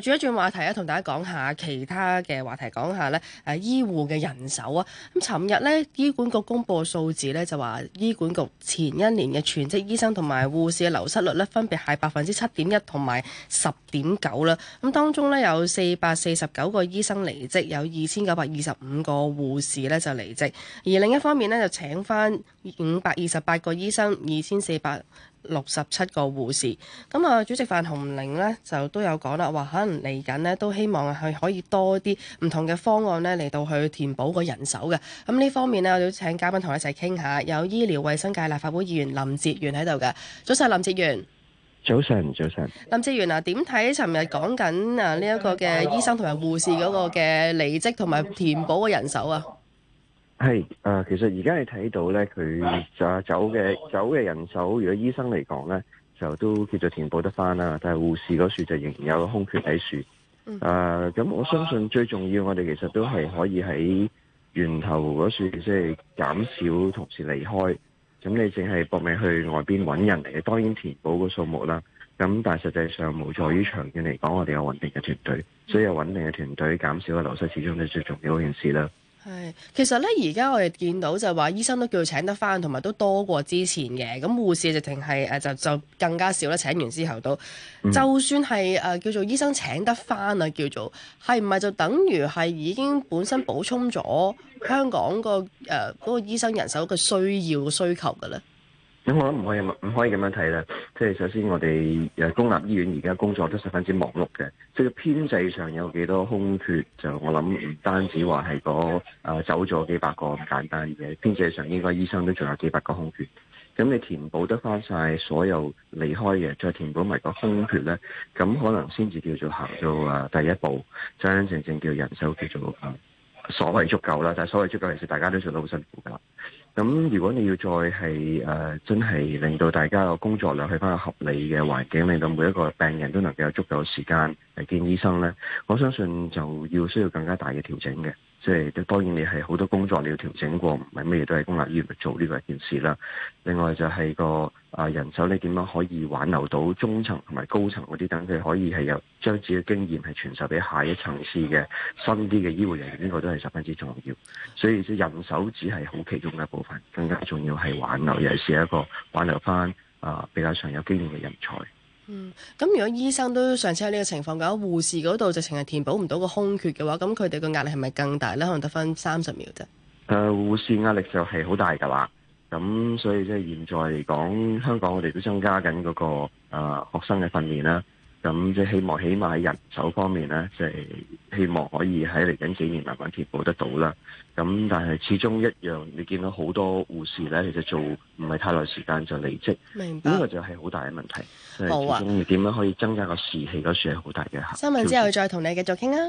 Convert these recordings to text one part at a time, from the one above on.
轉一轉話題啊，同大家講下其他嘅話題，講下咧誒醫護嘅人手啊。咁尋日咧醫管局公佈數字咧，就話醫管局前一年嘅全職醫生同埋護士嘅流失率咧，分別係百分之七點一同埋十點九啦。咁當中咧有四百四十九個醫生離職，有二千九百二十五個護士咧就離職。而另一方面咧，就請返五百二十八個醫生，二千四百六十七個護士咁啊。主席范洪玲呢就都有講啦，話可能嚟緊呢都希望係可以多啲唔同嘅方案呢嚟到去填補個人手嘅，咁呢方面呢，我哋請嘉賓同我一齊傾下，有醫療衛生界立法會議員林哲玄喺度嘅。早晨，林哲玄早晨，早晨。林哲玄啊，點睇尋日講緊啊呢一個嘅醫生同埋護士嗰個嘅離職同埋填補個人手啊？係誒、啊，其實而家你睇到咧，佢就走嘅走嘅人手，如果醫生嚟講咧，就都叫做填補得翻啦。但係護士嗰樹就仍然有空缺喺樹。誒、嗯，咁、啊、我相信最重要，我哋其實都係可以喺源頭嗰樹即係減少同事離開。咁你淨係搏命去外邊揾人嚟，當然填補個數目啦。咁但係實際上冇助於長遠嚟講，我哋有穩定嘅團隊，所以有穩定嘅團隊減少嘅流失，始終係最重要一件事啦。係，其實咧而家我哋見到就係話醫生都叫做請得翻，同埋都多過之前嘅。咁護士直情係就就，就更加少啦。請完之後都，嗯、就算係、啊、叫做醫生請得翻啊，叫做係唔係就等於係已經本身補充咗香港個誒嗰個醫生人手嘅需要需求嘅咧？咁我諗唔可以唔可以咁樣睇咧，即係首先我哋公立醫院而家工作都十分之忙碌嘅，即係編制上有幾多空缺，就我諗唔單止話係嗰走咗幾百個咁簡單嘅，編制上應該醫生都仲有幾百個空缺，咁你填補得翻晒所有離開嘅，再填補埋個空缺咧，咁可能先至叫做行到第一步，真真正正叫人手叫做所謂足夠啦，但所謂足夠，其實大家都做到好辛苦噶。咁如果你要再係誒、呃，真係令到大家個工作量去返個合理嘅環境，令到每一個病人都能夠有足夠時間嚟見醫生咧，我相信就要需要更加大嘅調整嘅。即係當然，你係好多工作你要調整過，唔係乜嘢都喺公立醫院去做呢個一件事啦。另外就係個啊人手，你點樣可以挽留到中層同埋高層嗰啲，等佢可以係有將自己嘅經驗係傳授俾下一層次嘅新啲嘅醫護人員，呢個都係十分之重要。所以隻人手只係好其中嘅一部分，更加重要係挽留，尤其是一個挽留翻啊比較上有經驗嘅人才。嗯，咁如果醫生都上車，喺呢個情況嘅話，咁護士嗰度直情係填補唔到個空缺嘅話，咁佢哋個壓力係咪更大呢？可能得翻三十秒啫。誒，護士壓力就係好大噶啦，咁所以即係現在嚟講，香港我哋都增加緊嗰、嗰個誒、啊、學生嘅訓練啦。咁即係希望，起碼喺人手方面咧，就係希望可以喺嚟緊幾年慢慢填補得到啦。咁但係始終一樣，你見到好多護士咧，其實做就做唔係太耐時間就離職，明白。呢、這個就係好大嘅問題。係、啊、始終你點樣可以增加個士氣，嗰時係好大嘅。新聞之後再同你繼續傾啊。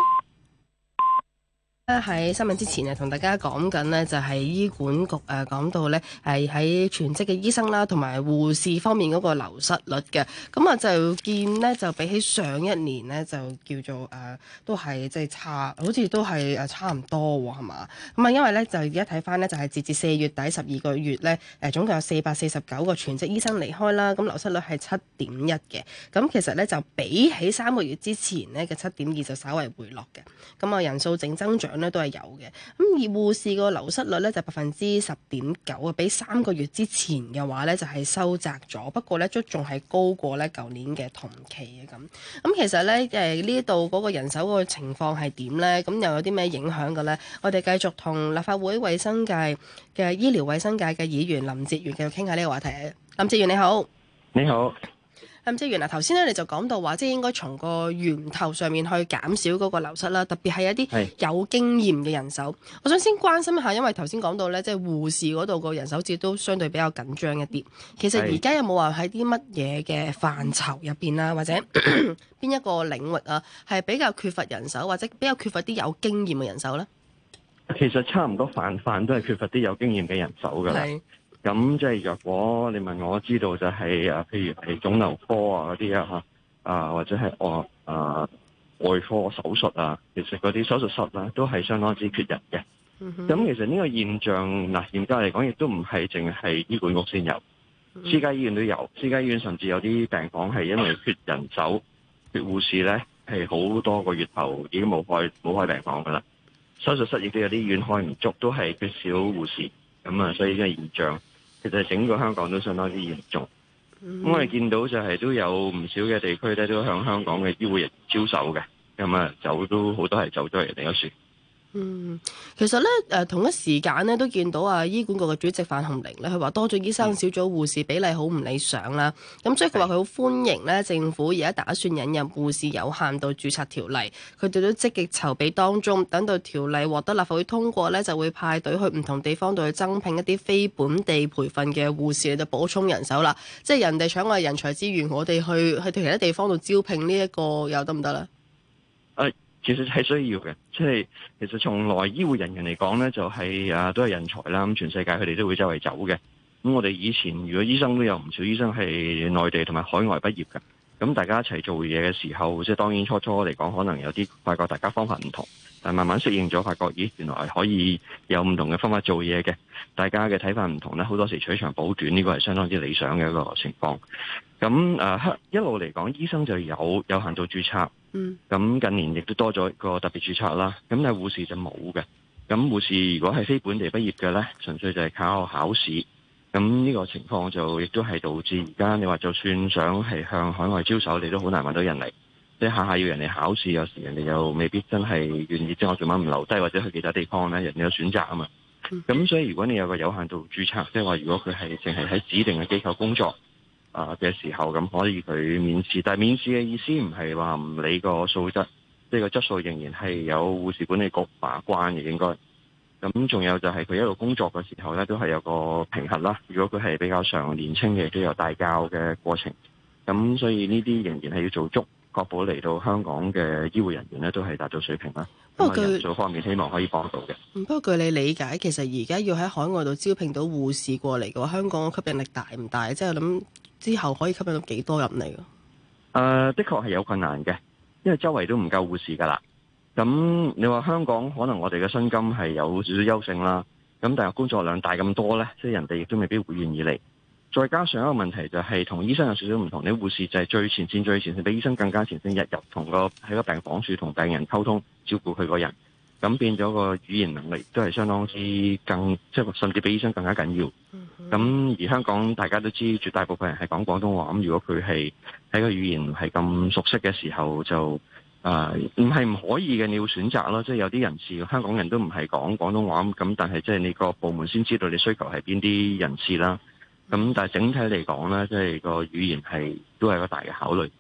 喺新聞之前啊，同大家講緊呢，就係醫管局誒、啊，講到呢，係喺全職嘅醫生啦、啊，同埋護士方面嗰個流失率嘅。咁啊就見呢，就比起上一年呢，就叫做誒、啊，都係即係差，好似都係誒差唔多係嘛。咁啊，是因為呢，就而家睇翻呢，就係、是、截至四月底十二個月呢，誒，總共有四百四十九個全職醫生離開啦。咁流失率係七點一嘅。咁其實呢，就比起三個月之前呢，嘅七點二就稍為回落嘅。咁啊人數正增長。都係有嘅咁，而護士個流失率咧就百分之十點九啊，比三個月之前嘅話咧就係收窄咗。不過咧，都仲係高過咧舊年嘅同期嘅咁。咁其實咧，誒呢度嗰個人手嗰個情況係點咧？咁又有啲咩影響嘅咧？我哋繼續同立法會衛生界嘅醫療衛生界嘅議員林哲玄繼續傾下呢個話題。林哲玄你好，你好。咁即係原來頭先咧，你就講到話，即係應該從個源頭上面去減少嗰個流失啦，特別係一啲有經驗嘅人手。我想先關心一下，因為頭先講到咧，即係護士嗰度個人手好似都相對比較緊張一啲。其實而家有冇話喺啲乜嘢嘅範疇入邊啦，或者邊一個領域啊，係比較缺乏人手，或者比較缺乏啲有經驗嘅人手呢？其實差唔多泛泛都係缺乏啲有經驗嘅人手㗎啦。咁即係，若果你問我知道就係啊，譬如係腫瘤科啊嗰啲啊啊或者係外啊，啊外科手術啊，其實嗰啲手術室呢、啊、都係相當之缺人嘅。咁、嗯、其實呢個現象嗱，嚴格嚟講亦都唔係淨係醫管局先有、嗯，私家醫院都有，私家醫院甚至有啲病房係因為缺人手、 缺護士咧，係好多個月頭已經冇開冇開病房噶啦。手術室亦都有啲院開唔足，都係缺少護士，咁啊，所以呢個現象。其實整個香港都相當之嚴重，咁我哋見到就係都有唔少嘅地區咧，都向香港嘅醫護人招手嘅，咁啊走都好多係走咗嚟第一船。嗯，其實咧，誒、呃，同一時間咧，都見到啊，醫管局嘅主席范鴻齡咧，佢話多咗醫生少咗護士比例好唔理想啦。咁、嗯、所以佢話佢好歡迎咧，政府而家打算引入護士有限度注冊條例，佢哋都積極籌備當中，等到條例獲得立法會通過咧，就會派隊去唔同地方度去增聘一啲非本地培訓嘅護士嚟到補充人手啦。即係人哋搶我哋人才之餘，我哋去去其他地方度招聘呢一個又得唔得呢？其實係需要嘅，即係其實從來醫護人員嚟講呢，就係、是、啊都係人才啦。咁全世界佢哋都會周圍走嘅。咁我哋以前如果醫生都有唔少醫生係內地同埋海外畢業嘅。咁大家一齊做嘢嘅時候，即係當然初初嚟講可能有啲發覺大家方法唔同，但慢慢適應咗，發覺咦原來可以有唔同嘅方法做嘢嘅。大家嘅睇法唔同呢，好多時取長補短，呢、這個係相當之理想嘅一個情況。咁啊一路嚟講，醫生就有有限度註冊。嗯，咁近年亦都多咗個特別註冊啦，咁但係護士就冇嘅。咁護士如果係非本地畢業嘅呢，純粹就係靠考試。咁呢個情況就亦都係導致而家你話就算想係向海外招手，你都好難搵到人嚟。即係下下要人哋考試，有時人哋又未必真係願意。即我做乜唔留低，或者去其他地方呢，人哋有選擇啊嘛。咁所以如果你有個有限度註冊，即係話如果佢係淨係喺指定嘅機構工作，啊嘅時候，咁可以去免試，但係免試嘅意思唔係話唔理個素質，即係個質素仍然係有護士管理局把關嘅應該。咁仲有就係佢一路工作嘅時候呢，都係有個平衡啦。如果佢係比較上年青嘅，都有帶教嘅過程。咁所以呢啲仍然係要做足，確保嚟到香港嘅醫護人員呢，都係達到水平啦。不啊，人數方面希望可以幫到嘅。不過據你理解，其實而家要喺海外度招聘到護士過嚟嘅話，香港吸引力大唔大？即係我諗。之後可以吸引到幾多人嚟嘅？誒，uh，的確係有困難嘅，因為周圍都唔夠護士噶啦。咁你話香港可能我哋嘅薪金係有少少優勝啦。咁但係工作量大咁多呢，即係人哋亦都未必會願意嚟。再加上一個問題就係、是、同醫生有少少唔同，你護士就係最前線、最前線，比醫生更加前線日入，日日同個喺個病房處同病人溝通照顧佢個人。咁變咗個語言能力都係相當之更，即係甚至比醫生更加緊要。咁、嗯、而香港大家都知，絕大部分人係講廣東話，咁如果佢係喺個語言係咁熟悉嘅時候，就誒唔係唔可以嘅，你要選擇咯。即係有啲人士，香港人都唔係講廣東話，咁，但係即係你個部門先知道你需求係邊啲人士啦。咁但係整體嚟講咧，即係個語言係都係一個大嘅考慮。咁、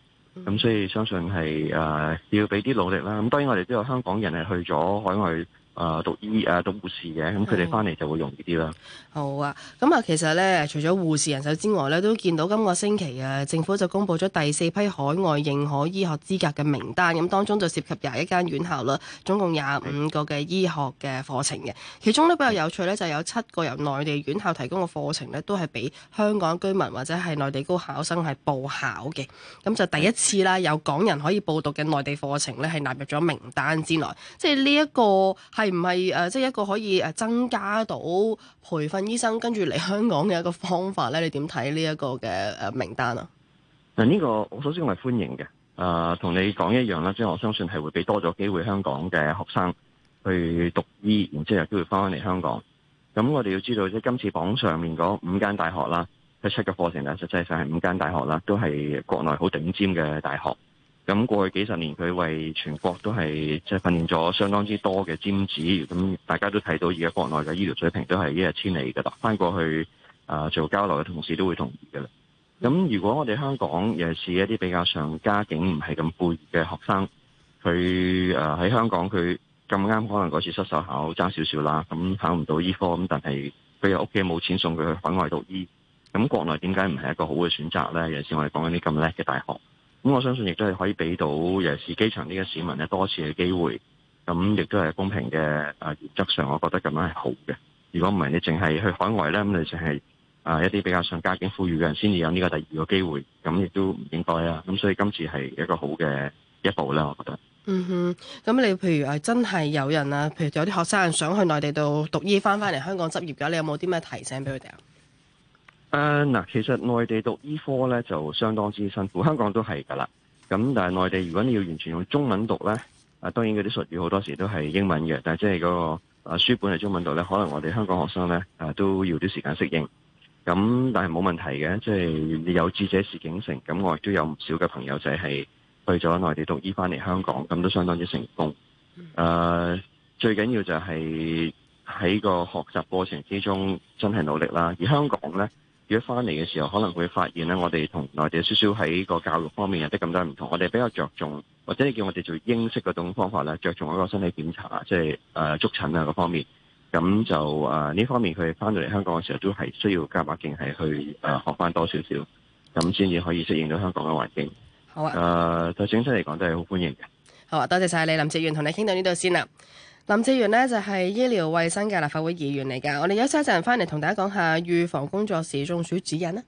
嗯、所以相信係誒、呃、要俾啲努力啦。咁當然我哋都有香港人係去咗海外。誒讀醫啊，讀護士嘅，咁佢哋翻嚟就會容易啲啦。好啊，咁啊，其實咧，除咗護士人手之外咧，都見到今個星期啊，政府就公布咗第四批海外認可醫學資格嘅名單，咁當中就涉及廿一間院校啦，總共廿五個嘅醫學嘅課程嘅。其中都比較有趣咧，就係有七個由內地院校提供嘅課程呢，都係俾香港居民或者係內地高考生係報考嘅。咁就第一次啦，有港人可以報讀嘅內地課程咧，係納入咗名單之內。即係呢一個係。唔係誒，即係一個可以誒增加到培訓醫生跟住嚟香港嘅一個方法咧，你點睇呢一個嘅誒名單啊？嗱，呢個我首先我係歡迎嘅，誒、呃、同你講一樣啦，即係我相信係會俾多咗機會香港嘅學生去讀醫，然之後有機會翻嚟香港。咁、嗯、我哋要知道，即係今次榜上面嗰五間大學啦，佢出嘅課程咧，實際上係五間大學啦，都係國內好頂尖嘅大學。咁過去幾十年，佢為全國都係即係訓練咗相當之多嘅尖子，咁大家都睇到而家國內嘅醫療水平都係一日千里噶啦。翻過去啊做交流嘅同事都會同意噶啦。咁如果我哋香港尤其係一啲比較上家境唔係咁富裕嘅學生，佢誒喺香港，佢咁啱可能嗰次失手考差少少啦，咁考唔到醫科，咁但係佢又屋企冇錢送佢去海外讀醫，咁國內點解唔係一個好嘅選擇呢？尤其我哋講緊啲咁叻嘅大學。咁我相信亦都係可以俾到尤其係基層呢個市民咧，多次嘅機會，咁亦都係公平嘅誒、啊、原則上，我覺得咁樣係好嘅。如果唔係你淨係去海外咧，咁你淨係啊一啲比較上家境富裕嘅人先至有呢個第二個機會，咁亦都唔應該啊。咁所以今次係一個好嘅一步咧，我覺得。嗯哼，咁你譬如係真係有人啊，譬如有啲學生想去內地度讀醫，翻翻嚟香港執業㗎，你有冇啲咩提醒俾佢哋啊？嗱、啊，其實內地讀醫科咧就相當之辛苦，香港都係噶啦。咁但係內地如果你要完全用中文讀咧，啊當然嗰啲術語好多時都係英文嘅，但係即係嗰個啊書本係中文讀咧，可能我哋香港學生咧、啊、都要啲時間適應。咁但係冇問題嘅，即、就、係、你、有志者事竟成。咁我亦都有唔少嘅朋友仔係去咗內地讀醫，翻嚟香港咁都相當之成功。誒、啊，最緊要就係喺個學習過程之中真係努力啦。而香港咧。如果翻嚟嘅時候，可能會發現咧，我哋同內地少少喺個教育方面有啲咁多唔同。我哋比較着重，或者你叫我哋做英式嗰種方法咧，着重嗰個身體檢查，即係誒觸診啊，嗰方面。咁就誒呢、呃、方面，佢翻到嚟香港嘅時候，都係需要加把勁，係去誒、呃、學翻多少少，咁先至可以適應到香港嘅環境。好啊。誒、呃，對整體嚟講都係好歡迎嘅。好啊，多謝晒你，林哲玄，同你傾到呢度先啦。林哲玄呢就係醫療衛生嘅立法會議員嚟噶，我哋休息一陣返嚟同大家講下預防工作時中暑指引啦。